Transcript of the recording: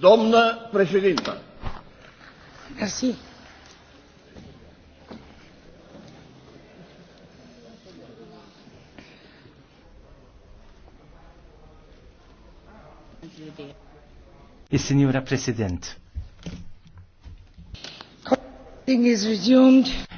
Domna Presidenta. Merci. Il-Signora President. Is resumed.